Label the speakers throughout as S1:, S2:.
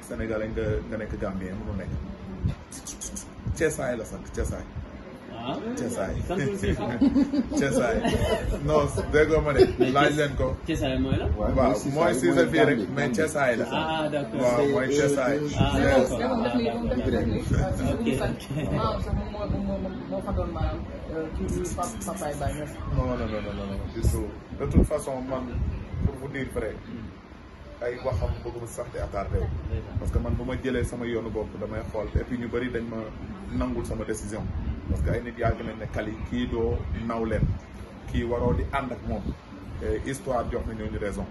S1: nekk sénégalais nga nga nekk gambien mënul nekk Ceesaay la sax Ceesaay. ah Ceesaay Ceesaay non déggoo ma de laaj leen ko. Ceesaay mooy la. waaw mooy Cissé fii rek mais Ceesaay la. ah d'accord waaw mooy ah, Ceesaay. ah d'accord euh, non non non non non de toute façon man pour vous dire vrai. Mm. ay waxam bëgguma sax di attardé wu parce que man bu ma jëlee sama yoonu bopp damay xool et puis ñu bëri dañ ma nangul sama décision parce que ay nit yàgg nañ ne Kali kii doo naw leen kii waroo di ànd ak moom histoire jox na ñooñu raison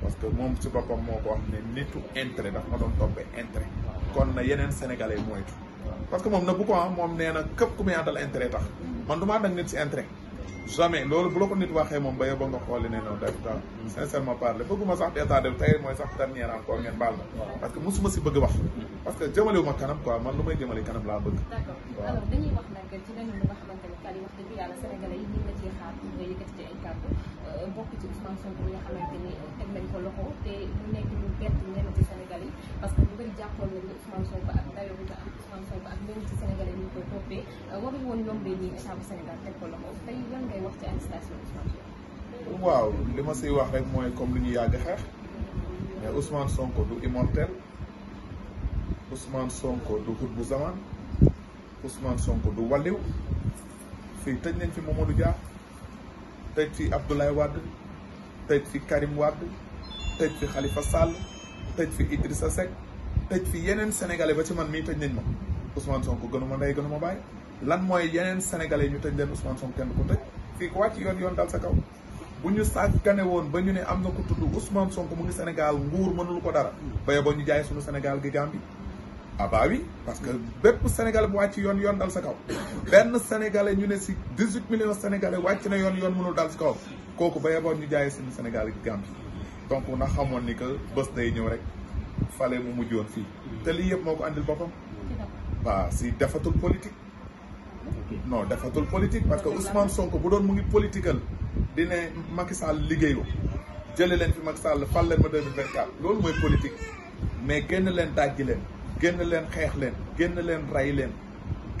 S1: parce que moom si boppam moo ko wax ne nitu intérêt daf ma doon toppee intérêt kon na yeneen sénégalais moytu parce que moom nag bu ko am ah, moom nee na képp ku muy àndal intérêt tax man du ma ànd ak nit ci intérêt jamais loolu bu la ko nit waxee moom ba yóbbu nga xooli ne noonu def daal. Hmm. sincèrement parler bëgguma sax d'état de tey ngeen baal ma. parce que mosuma si bëgg wax. Hmm. parce que jëmale ma kanam quoi man laa bëgg. d'accord
S2: la ciy xaar nga yëkkati ci ay euh, euh, ko loxo te mu nekk lu bett ñenn ci Sénégal yi parce que ñu bëri jàppoon nañ ne Ousmane ak dayoo ci Sénégalais yi ñu koy toppee euh, waruñu woon yombee nii état bu Sénégal ko loxo tey yan ngay
S1: waaw li ma siy wax rek mooy comme lu ñu yàgg xeex mais Ousmane Sonko du immortel Ousmane sonk du xut bu zaman Ousmane Sonko du walliw fii tëj nañ fi Mamadou Dia tëj fi Abdoulaye Wade tëj fi Karim Wade tëj fi Khalifa Sall tëj fi Idrissa Seck tëj fi yeneen sénégalais ba ci man mii tëj nañ ma Ousmane Sonko gënu ma ndey gënu ma bàyyi lan mooy yeneen sénégalais yi ñu tëj leen Ousmane Sonko kenn ko tëj. fii ko wàcc yoon yoon dal sa kaw bu ñu sàggane woon ba ñu ne am na ko tudd Ousmane Sonko mu ngi Sénégal nguur mënul ko dara baye ba ñu jaay suñu Sénégal gi Gambie ah bah oui parce que bépp Sénégal bu wàcc yoon yoon dal sa kaw benn Sénégalais ñu ne si dix-huit millions Sénégalais wàcc na yoon yoon mënul dal sa kaw kooku baye ba ñu jaay suñu Sénégal gi Gambie donc na xamoon ni que bés day ñëw rek fale mu mujjoon fii te lii yëpp moo ko andil boppam waa si defatul politique no defatul politique parce que Ousmane Sonko bu doon mu ngi political di ne Macky Sall liggéeyu jëlee leen fi Macky Sall fal leen ma 2024 loolu mooy politique mais génn leen dajji leen génn leen xeex leen génn leen rey leen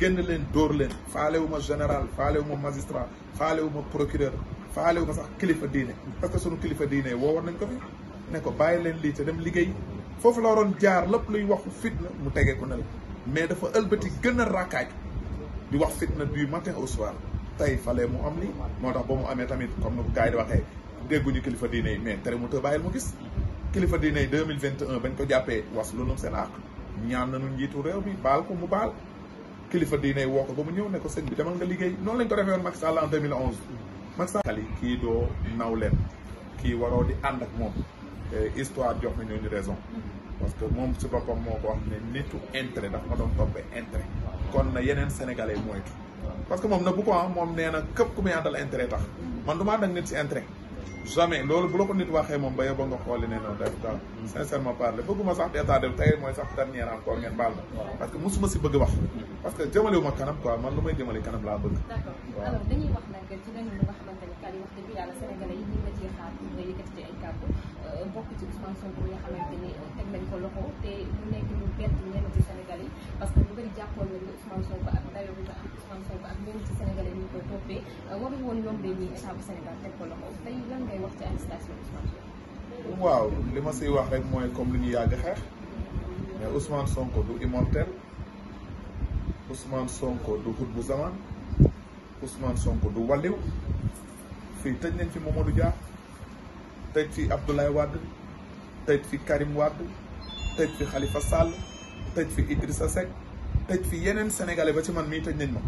S1: génn leen dóor leen faalewuma général faalewuma magistrat faalewuma procureur faalewuma sax kilifa diine parce que sunu kilifa diine woo war nañ ko fi ne ko bàyyi leen lii te dem liggéey foofu la waroon jaar lépp luy waxu fitna mu tege na mais dafa ëlbati gën a raakaaj di wax fitna du matin au soir tey fale mu am lii moo tax ba mu amee tamit comme ni gars yi di waxee dégguñu kilifa diine yi mais tere mu të bàyyil mu gis kilifa diine yi deux mille vingt un bañ ko jàppee was lu nu seen àq ñaan nañu njiitu réew mi baal ko mu baal kilifa diine yi woo ko ba mu ñëw ne ko sëñ bi demal nga liggéey noonu lañ ko defee woon Macky Sall en deux mille onze kii doo naw leen kii waroo di ànd ak moom eh, histoire jox na ñooñu raison parce que moom si boppam moo ko wax ne nitu intérêt ma doon toppee intérêt kon na yeneen sénégalais moytu parce que moom na bu ko ah moom nee na képp ku muy àndal intérêt tax man du ma nit si intérêt jamais loolu bu la ko nit waxee moom ba yóbbu nga xooli ne noonu def daal sincèrement parler bëgguma sax d'état de tey mooy sax dernière encore ngeen baal na parce que mosuma si bëgg wax parce que jëmalewu kanam quoi man lu may jëmale kanam laa bëgg
S2: bokk ci Ousmane Sonko yoo xamante euh, nañ ko loxo te mu nekk lu bett ñenn ci Sénégal yi parce que ñu bëri jàppoon nañu euh, Ousmane Sonko
S1: waaw li ma siy wax rek mooy comme li ñu yàgg xeex Sonko du immortel Ousmane Sonko du xut bu zaman Ousmane Sonko du walliw fii tëj nañ fi Mamadou Dia. tëj fi Abdoulaye Wade tëj fi Karim Wade tëj fi xalifa Sall tëj fi Idrissa Seck tëj fi yeneen sénégalais ba ci man mii tëj nañ ma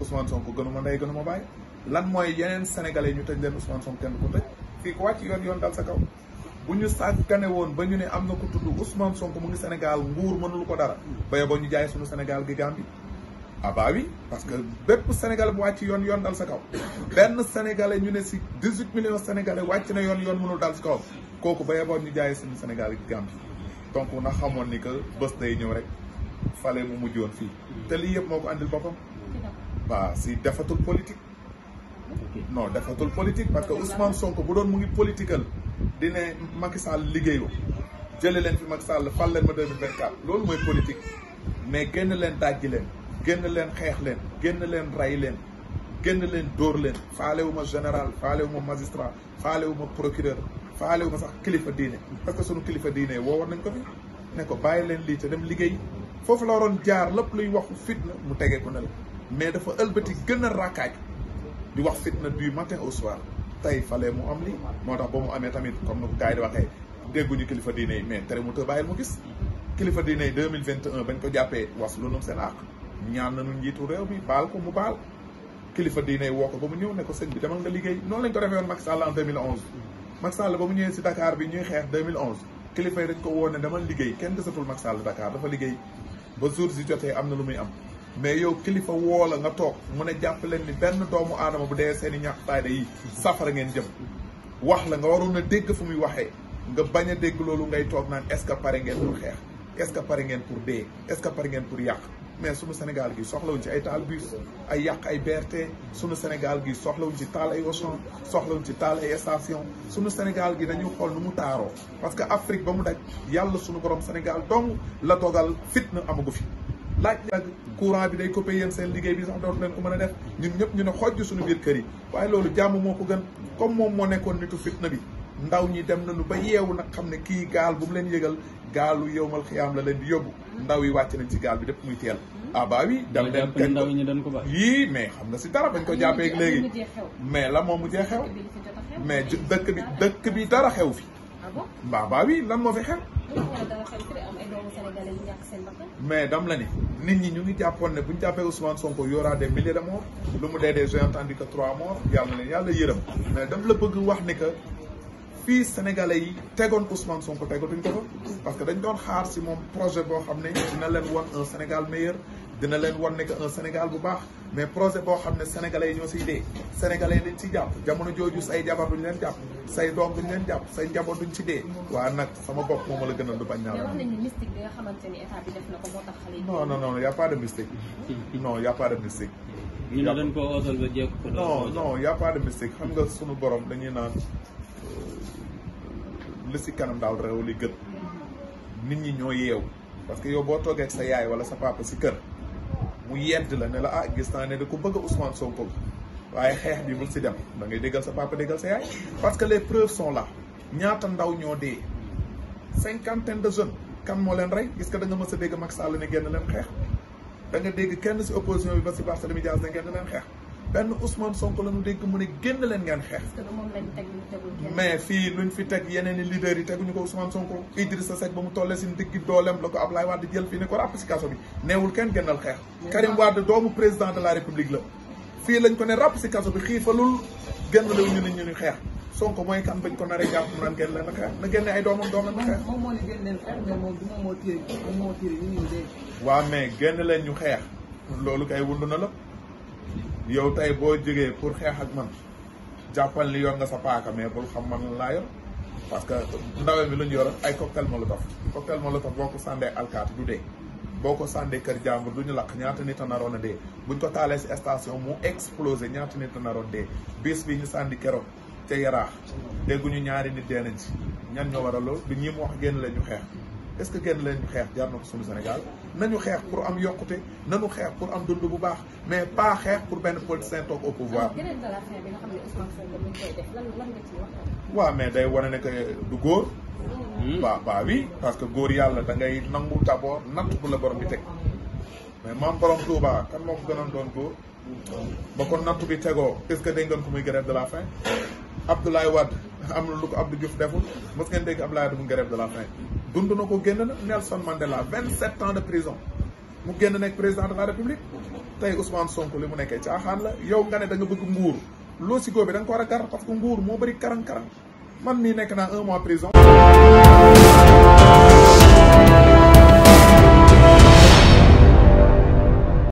S1: Ousmane Sonko gënu ma ndey gënu ma bàyyi lan mooy yeneen sénégalais ñu tëj leen Ousmane Sonko kenn ko tëj fii ko wàcc yoon yoon dal sa kaw bu ñu sàggane woon ba ñu ne am na ko tudd Ousmane Sonko mu ngi senegal nguur mënul ko dara ba yeboo ñu jaay suñu Sénégal gi Gambie ah bah oui parce que bépp sénégalais bu wàcc yoon yoon dal sa kaw benn sénégalais ñu ne si dix huit millions sénégalais wàcc na yoon yoon mënul dal si kaw kooku ba yeboon ñu jaayee suñu sénégal yi Gambie donc na xamoon ni que bés day ñëw rek fale mu mujj yoon fii te lii yëpp moo ko andil boppam waa si defatul politique non defatul politique parce que Ousmane Sonko bu doon mu ngi political di ne Macky Sall liggéeyu jële leen fi Macky Sall fal leen ma 2024 loolu mooy politique mais génn leen dajji génn leen xeex leen génn leen rey leen génn leen dóor leen faalewuma général faalewuma magistrat faalewuma procureur faalewuma sax kilifa diine parce que sunu kilifa diine woo war nañ ko fi ne ko bàyyi lii te dem liggéey foofu la waroon jaar lépp luy waxu fitna mu tegee ko ne la mais dafa ëlbati gën a di wax fitna du matin au soir tey fale mu am li moo tax ba mu amee tamit comme ni ko gars yi di waxee dégguñu kilifa diine yi mais tere mu të bàyyil mu gis kilifa diine yi 2021 bañ ko jàppee was lu nu seen àq ñaan nañu njiitu réew mi baal ko mu baal kilifa diine woo ko ba mu ñëw ne ko sëñ bi demal nga liggéey noonu lañ ko defee woon Macky Sall en 2011. Macky Sall ba mu ñëwee si Dakar bi ñuy xeex 2011 kilifa yi dañ ko woo ne demal liggéey kenn desatul Macky Sall Dakar dafa liggéey ba jour si jotee am na lu muy am. mais yow kilifa woo la nga toog mu ne jàpp leen ni benn doomu aadama bu dee seen i ñàkk fayda yi safara ngeen jëm wax la nga waroon a dégg fu muy waxee nga bañ a dégg loolu ngay toog naan est que pare ngeen pour xeex est-ce que ngeen pour dee est ngeen pour yàq mais sunu Sénégal gi soxlawuñ ci ay taal bus ay yàq ay BRT sunu Sénégal gi soxlawuñ ci taal ay Auchan soxlawuñ ci taal ay station sunu Sénégal gi dañu xool nu mu taaroo parce que Afrique ba mu daj yàlla sunu borom Sénégal dong la dogal fitna amagu fi laaj nag courant bi day coupé yéen seen liggéey bi sax dootu leen ko mën a def ñun ñëpp ñu ne xojj suñu biir kër yi waaye loolu jàmm moo ko gën comme moom moo nekkoon nitu fitna bi ndaw ñi dem nañu ba yeewu nag xam ne kii gaal bu leen yëgal gaalu yowmal xiyaam la leen di yóbbu ndaw yi wàcc nañ ci gaal bi dëpp muy teel ah baa dam leen dañ ko baax yii mais xam na si dara bañ ko jàppee léegi mais la moo mujjee xew mais dëkk bi dëkk bi dara xew fi ah mbaa baa wi lan moo fi xew mais dam la ni nit ñi ñu ngi jàppoon ne bu ñu jàppee Ousmane Sonko y aura des milliers de morts lu mu dee des j'ai entendu que trois morts yàlla na leen yàlla yërëm mais dam la bëgg wax ni que fii sénégalais yi tegoon Ousmane Sonko tegatuñ ko fa parce que dañ doon xaar si moom projet boo xam ne dina leen wan un Sénégal meilleur dina leen wan nekk un Sénégal bu baax mais projet boo xam ne sénégalais yi ñoo siy dee sénégalais yi dañ siy jàpp jamono jooju say jabar duñ leen jàpp say doom duñ leen jàpp say njaboot duñ ci dee. waa nag sama bopp moom la gënal du bañ naa. mais wax nañu
S2: mystique bi nga xamante ni état bi def na ko moo tax xale yi. non
S1: non non y' a pas de mystique. non y' a pas de mystique. ñu ne dañ ko oosal ba jékku ko. non non y' a pas de mystique xam nga sunu borom dañuy naan. li si kanam daal réew li gën nit ñi ñoo yeew parce que yow boo toogee ak sa yaay wala sa papa si kër mu yedd la ne la ah gis naa ne da ko bëgg a Ousmane Sonko waaye xeex bi bul si dem da ngay déggal sa papa déggal sa yaay parce que les preuves sont la ñaata ndaw ñoo dee cinquantaine de jeunes kan moo leen rey est-ce que da nga a dégg Macky Sall ne genn leen xeex da nga dégg kenn si opposition bi ba si Barthélémy Dias ne leen xeex benn Ousmane Sonko la ñu dégg mu ne génn leen ngeen xeex. mais fii lu luñ fi teg yeneen i leaders yi teguñu ko Ousmane Sonko Idrissa Seck ba mu tollee si digg dooleem la ko Ablaye Wade jël fii ne ko ràpp si kaso bi neewul kenn génnal xeex. Karim Wade doomu président de la République la. fii lañ ko ne ràpp si kaso bi xiifalul génn leen ñu ne ñu xeex. Sonko mooy kan bañ ko naree jàpp mu naan génn leen xeex na génne ay doomam doomam na xeex. moom moo mais moo téye moom waaw mais génn leen ñu xeex loolu kay wund na la yow tey boo jógee pour xeex ak man jàppal ni yoon nga sa paaka mais bul xam man laa yor parce que ndawe mi lu ñu yor ay cocktail molotov cocktail molotov boo ko sàndee alkaati du dee boo ko sàndee kër jàmbur du ñu lakk ñaata nit a naroon a dee buñ ko taalee si station mu explosé ñaata nit a naroon dee bis bi ñu sàndi keroog te yaraax dégguñu ñaari nit dee nañ ci ñan ñoo war a lool mu wax génn la xeex est-ce que génn leen xeex jar na ko suñu Sénégal nañu xeex pour am yokkute nañu xeex pour am dund bu baax mais pas xeex pour benn politicien toog au pouvoir. waaw mais day wane ne que du góor. waaw hmm. waaw oui parce que góor yàlla da ngay nangu d'abord natt bu la borom bi teg mais maam borom Touba kan moo ko gënoon doon góor ba ko natt bi tegoo est-ce que dégg ngeen ko muy grève de la faim Abdoulaye Wade am na lu ko Abdou Diouf deful mos ngeen dégg Abdoulaye Wade mu grève de la dund na ko génn na Nelson Mandela 27 ans de prison mu génn nekk président de la république tey Ousmane Sonko li mu nekkee caaxaan la yow nga ne da bëgg nguur loo si góor bi da ko war a gar parce que nguur moo bëri karang-karang man mii nekk naa un mois prison.